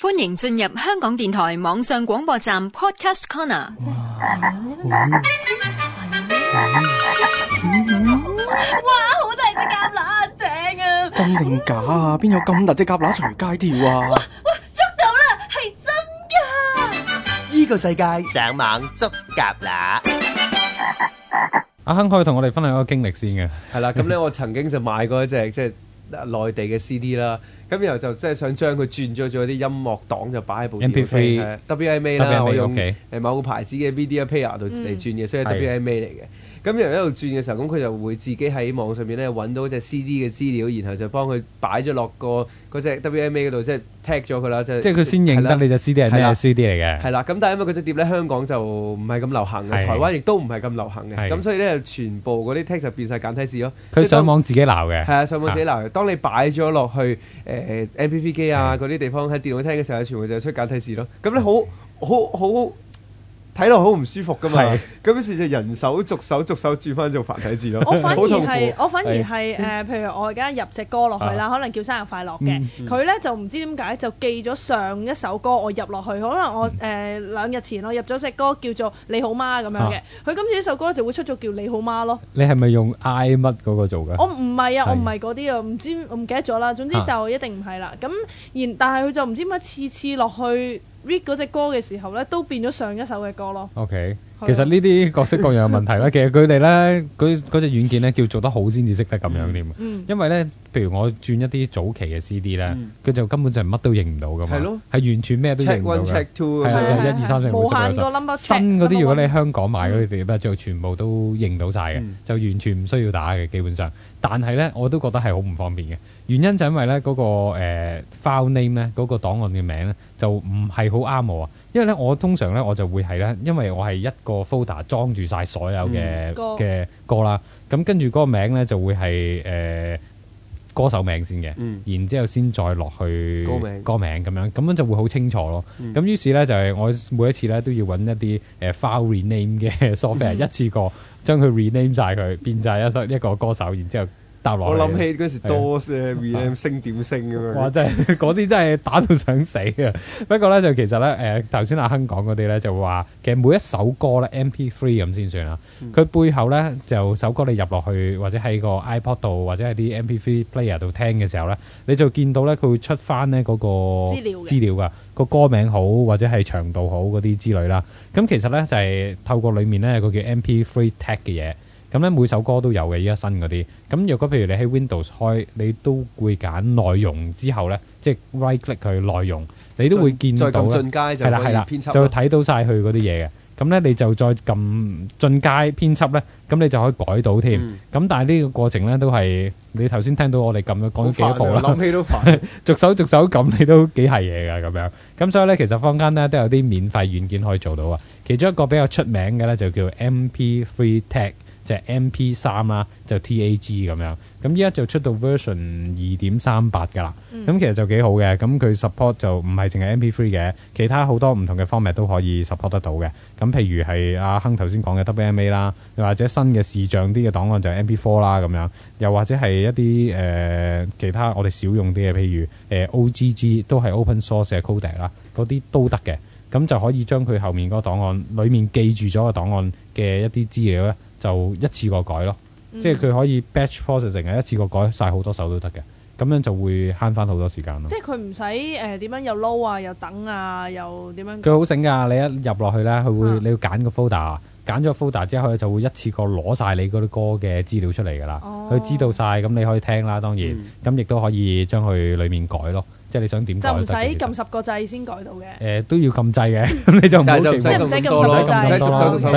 歡迎進入香港電台網上廣播站 Podcast Corner。哇，好、嗯嗯嗯、大隻蛤乸正啊！真定假、嗯、啊？邊有咁大隻蛤乸隨街跳啊？哇哇捉到啦，係真噶！呢個世界上網捉蛤乸。 阿亨可以同我哋分享一個經歷先嘅，係啦，咁咧 我曾經就買過一隻即係內地嘅 CD 啦。咁然後就即係想將佢轉咗做啲音樂檔，就擺喺部電腦入邊 WMA 啦。我用某個牌子嘅 VDR player 度嚟轉嘅，所以 WMA 嚟嘅。咁然後一路轉嘅時候，咁佢就會自己喺網上邊咧搵到隻 CD 嘅資料，然後就幫佢擺咗落個嗰隻 WMA 嗰度，即係 tag 咗佢啦。即係佢先認得你隻 CD 係咩 CD 嚟嘅。係啦，咁但係因為嗰隻碟咧，香港就唔係咁流行嘅，台灣亦都唔係咁流行嘅，咁所以咧就全部嗰啲 tag 就變晒簡體字咯。佢上網自己鬧嘅。係啊，上網自己鬧嘅。當你擺咗落去誒。誒 M P P 機啊，嗰啲地方喺電腦聽嘅時候，全部就出簡體字咯。咁咧，好好好。好睇落好唔舒服㗎嘛，咁於是就人手逐手逐手轉返做繁體字咯，好痛苦。我反而係，我反而係誒，譬如我而家入隻歌落去啦，可能叫生日快樂嘅，佢咧就唔知點解就記咗上一首歌我入落去，可能我誒兩日前我入咗隻歌叫做你好媽咁樣嘅，佢今次呢首歌就會出咗叫你好媽咯。你係咪用 I 乜嗰個做嘅？我唔係啊，我唔係嗰啲啊，唔知我唔記得咗啦。總之就一定唔係啦。咁然，但係佢就唔知點解次次落去。Read 嗰隻歌嘅時候咧，都變咗上一首嘅歌咯。ok 其實呢啲各式各樣嘅問題啦， 其實佢哋咧，佢嗰隻軟件咧，叫做得好先至識得咁樣添。Mm. Mm. 因為咧，譬如我轉一啲早期嘅 CD 咧，佢就根本就係乜都認唔到噶嘛。係咯嘟，係完全咩都認唔到。Check one, check two 啊，係一二三四，無限個 number。新嗰啲如果你喺香港買嗰啲，就、嗯、全部都認到晒嘅，嗯、就完全唔需要打嘅基本上。但係咧，我都覺得係好唔方便嘅，原因就因為咧嗰個誒 file name 咧嗰個檔案嘅名咧就唔係好啱我啊。因為咧，我通常咧，我就會係咧，因為我係一個 folder 裝住晒所有嘅嘅、嗯、歌啦。咁跟住嗰個名咧，就會係誒、呃、歌手名先嘅，嗯、然之後先再落去歌名，咁樣名，咁樣就會好清楚咯。咁、嗯、於是咧，就係、是、我每一次咧都要揾一啲誒、呃、file rename 嘅 software，嗯、一次過將佢 rename 晒，佢，變曬一一個歌手，然後之後。我諗起嗰時多嘅 rem 升調升咁樣，哇！ 真係嗰啲真係打到想死啊！不過咧就其實咧誒，頭、呃、先阿亨講嗰啲咧就話其實每一首歌咧 MP3 咁先算啊。佢、嗯、背後咧就首歌你入落去或者喺個 iPod 度或者喺啲 MP3 player 度聽嘅時候咧，你就見到咧佢會出翻呢嗰個資料資料㗎。個歌名好或者係長度好嗰啲之類啦。咁其實咧就係、是、透過裡面咧個叫 MP3 tag 嘅嘢。咁咧，每首歌都有嘅。依家新嗰啲，咁若果譬如你喺 Windows 開，你都會揀內容之後咧，即係 right click 佢嘅內容，你都會見到咧。再撳進階就係編輯。就睇到曬佢嗰啲嘢嘅，咁咧你就再撳進階編輯咧，咁你就可以改到添。咁但係呢個過程咧，都係你頭先聽到我哋咁樣講幾多步啦。諗起都煩，逐手逐手咁你都幾係嘢㗎咁樣。咁所以咧，其實坊間咧都有啲免費軟件可以做到啊。其中一個比較出名嘅咧就叫 MP3 Tag。MP 3，就 M P 三啦，就 T A G 咁樣，咁依家就出到 version 二點三八噶啦，咁、嗯、其實就幾好嘅，咁佢 support 就唔係淨係 M P three 嘅，其他好多唔同嘅方面都可以 support 得到嘅，咁譬如係阿亨頭先講嘅 W M A 啦，又或者新嘅視像啲嘅檔案就 M P four 啦咁樣，又或者係一啲誒、呃、其他我哋少用啲嘅，譬如誒、呃、O G G 都係 open source 嘅 codec 啦，嗰啲都得嘅，咁就可以將佢後面嗰個檔案裡面記住咗個檔案嘅一啲資料咧。就一次過改咯，嗯、即係佢可以 batch processing 啊，一次過改晒好多首都得嘅，咁樣就會慳翻好多時間咯。即係佢唔使誒點樣又撈啊，又，low，又等啊，又點樣？佢好醒㗎，你一入落去咧，佢會、啊、你要揀個 folder，揀咗 folder 之後，佢就會一次過攞晒你嗰啲歌嘅資料出嚟㗎啦。佢、哦、知道晒，咁你可以聽啦，當然，咁亦都可以將佢裡面改咯。即係你想點改就唔使撳十個掣先改到嘅。誒都 要撳掣嘅，咁你就唔即係唔使就唔使撳，唔使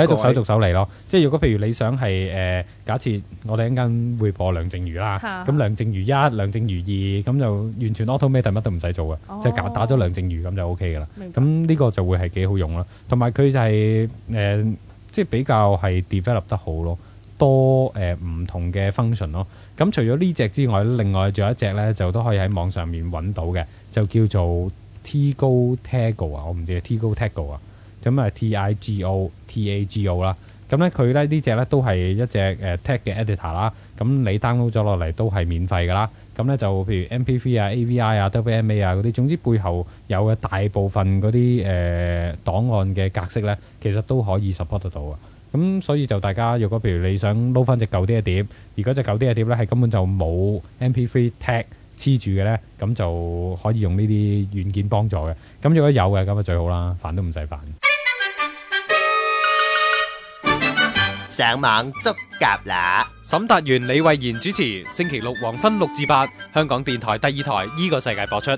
逐手逐手嚟咯。即係如果譬如你想係誒、呃，假設我哋一間會播梁靜茹啦，咁 梁靜茹一、梁靜茹二，咁就完全 auto 咩都乜都唔使做嘅，即、就、係、是、打咗梁靜茹咁就 OK 嘅啦。咁呢個就會係幾好用啦。同埋佢就係、是、誒，即、呃、係、就是、比較係 develop 得好咯。多誒唔、呃、同嘅 function 咯，咁、啊、除咗呢隻之外，另外仲有一隻呢，就都可以喺網上面揾到嘅，就叫做 Tigo Tago 啊，我唔知 Tigo Tago 啊，咁啊 T I G O T A G O 啦，咁呢，佢咧呢隻呢，都係一隻誒 tag 嘅 editor 啦，咁你 download 咗落嚟都係免費噶啦，咁呢，就譬如 M P V 啊、A V I 啊、v, VI, W M A 啊嗰啲，總之背後有嘅大部分嗰啲誒檔案嘅格式呢，其實都可以 support 得到嘅。咁所以就大家，若果譬如你想撈翻隻舊啲嘅碟，而嗰隻舊啲嘅碟咧，係根本就冇 MP3 tag 黐住嘅咧，咁就可以用呢啲軟件幫助嘅。咁如果有嘅，咁啊最好啦，煩都唔使煩。上網捉蛤啦，沈達元李慧賢主持，星期六黃昏六至八，香港電台第二台呢個世界播出。